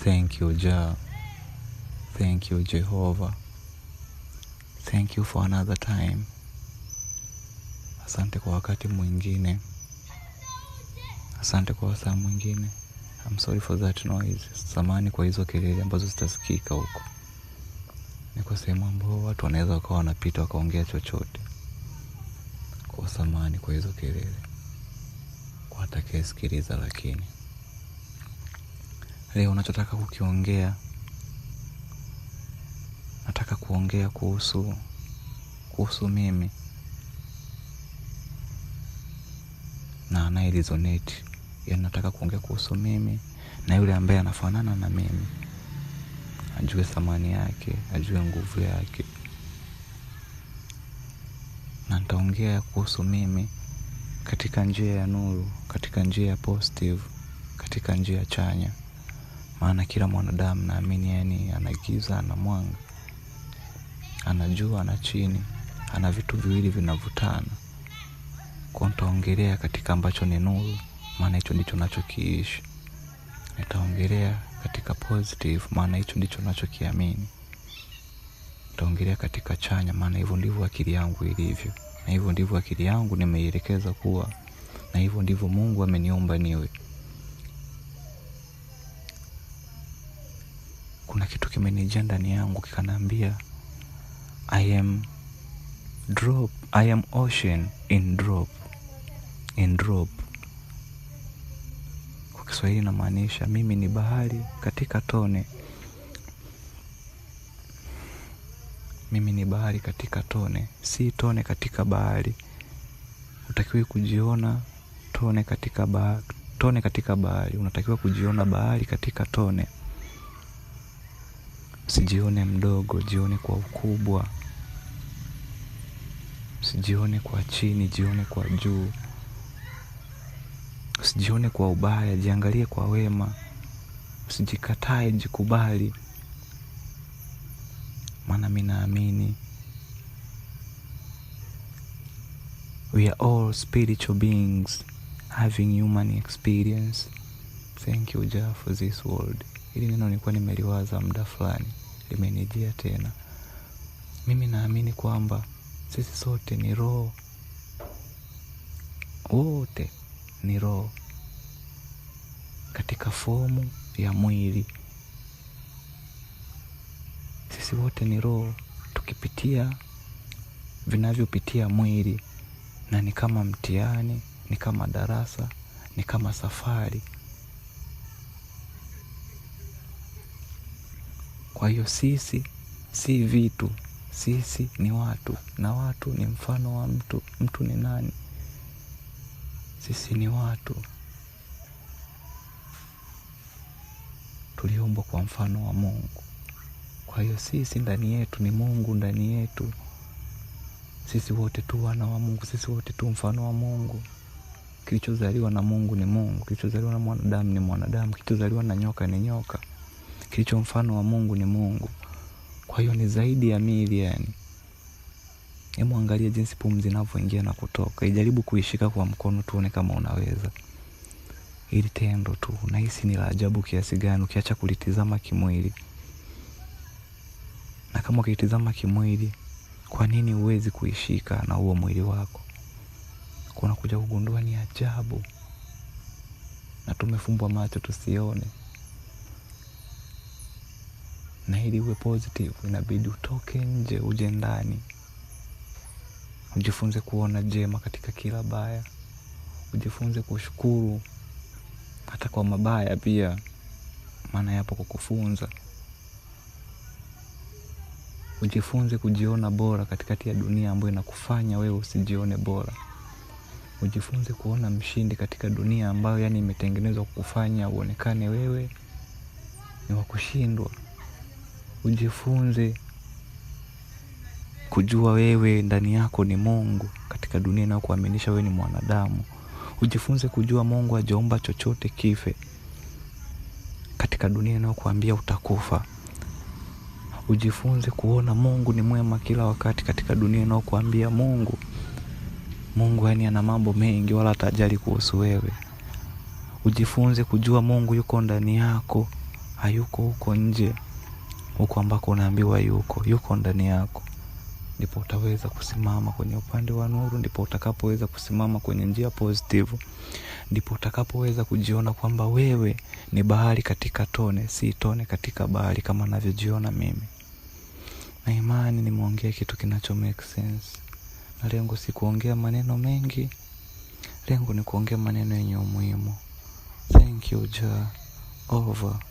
Thank you, Jah. Thank you, Jehovah. Thank you for another time. Asante kwa wakati mwingine. Asante kwa wasaa mwingine. I'm sorry for that noise. Samani kwa hizo kelele ambazo zitasikika huko. Ni kwa sehemu ambao watu wanaweza wakawa wanapita wakaongea chochote. Kwa samani kwa hizo kelele, kwa atakayesikiliza lakini leo unachotaka kukiongea. Nataka kuongea kuhusu kuhusu mimi na anaye resonate, yaani nataka kuongea kuhusu mimi na yule ambaye anafanana na mimi, ajue thamani yake, ajue nguvu yake. Na nitaongea kuhusu mimi katika njia ya nuru, katika njia ya positive, katika njia chanya maana kila mwanadamu naamini yani ana giza mwanga ana juu ana chini ana vitu viwili vinavutana kwa nitaongelea katika ambacho ni nuru maana hicho ndicho nachokiishi nitaongelea katika positive maana hicho ndicho nachokiamini nitaongelea katika chanya maana hivyo ndivyo akili yangu ilivyo na hivyo ndivyo akili yangu nimeielekeza kuwa na hivyo ndivyo mungu ameniumba niwe kuna kitu kimenijia ndani yangu kikanaambia I am drop, I am ocean in drop, in drop. Kwa Kiswahili inamaanisha mimi ni bahari katika tone, mimi ni bahari katika tone, si tone katika bahari. Utakiwi kujiona tone katika bahari, tone katika bahari, unatakiwa kujiona bahari katika tone. Usijione mdogo, jione kwa ukubwa. Usijione kwa chini, jione kwa juu. Usijione kwa ubaya, jiangalie kwa wema. Usijikatae, jikubali. Maana mimi naamini we are all spiritual beings having human experience. Thank you, Jah, for this world. Hili neno nilikuwa nimeliwaza muda fulani, limenijia tena. Mimi naamini kwamba sisi sote ni roho, wote ni roho katika fomu ya mwili. Sisi wote ni roho, tukipitia vinavyopitia mwili, na ni kama mtihani, ni kama darasa, ni kama safari. Kwa hiyo sisi si vitu, sisi ni watu, na watu ni mfano wa mtu. Mtu ni nani? Sisi ni watu tuliumbwa kwa mfano wa Mungu. Kwa hiyo sisi ndani yetu ni Mungu ndani yetu. Sisi wote tu wana wa Mungu, sisi wote tu mfano wa Mungu. Kilichozaliwa na Mungu ni Mungu, kilichozaliwa na mwanadamu ni mwanadamu, kilichozaliwa na nyoka ni nyoka kilicho mfano wa Mungu ni Mungu. Kwa hiyo ni zaidi ya mili yani. Hebu angalia jinsi pumzi zinavyoingia na kutoka. Ijaribu kuishika kwa mkono tuone kama unaweza. Ili tendo tu nahisi ni la ajabu kiasi gani ukiacha kulitizama kimwili. Na kama ukitizama kimwili, kwa nini huwezi kuishika na huo mwili wako? Kuna kuja kugundua ni ajabu, na tumefumbwa macho tusione na ili uwe positive inabidi utoke nje, uje ndani, ujifunze kuona jema katika kila baya, ujifunze kushukuru hata kwa mabaya pia, maana yapo kufunza Ujifunze kujiona bora katikati ya dunia ambayo inakufanya wewe usijione bora. Ujifunze kuona mshindi katika dunia ambayo yani imetengenezwa kukufanya uonekane wewe ni wa kushindwa ujifunze kujua wewe ndani yako ni Mungu katika dunia inayokuaminisha wewe ni mwanadamu. Ujifunze kujua Mungu hajaumba chochote kife katika dunia inayokuambia utakufa. Ujifunze kuona Mungu ni mwema kila wakati katika dunia inayokuambia Mungu Mungu yani ana mambo mengi wala hatajali kuhusu wewe. Ujifunze kujua Mungu yuko ndani yako, hayuko huko nje huko ambako unaambiwa yuko, yuko ndani yako, ndipo utaweza kusimama kwenye upande wa nuru, ndipo utakapoweza kusimama kwenye njia positive, ndipo utakapoweza kujiona kwamba wewe ni bahari katika tone, si tone katika bahari kama navyojiona mimi. Na imani nimeongea kitu kinacho make sense, na lengo si kuongea maneno mengi, lengo ni kuongea maneno yenye umuhimu. Thank you, Ja. Over.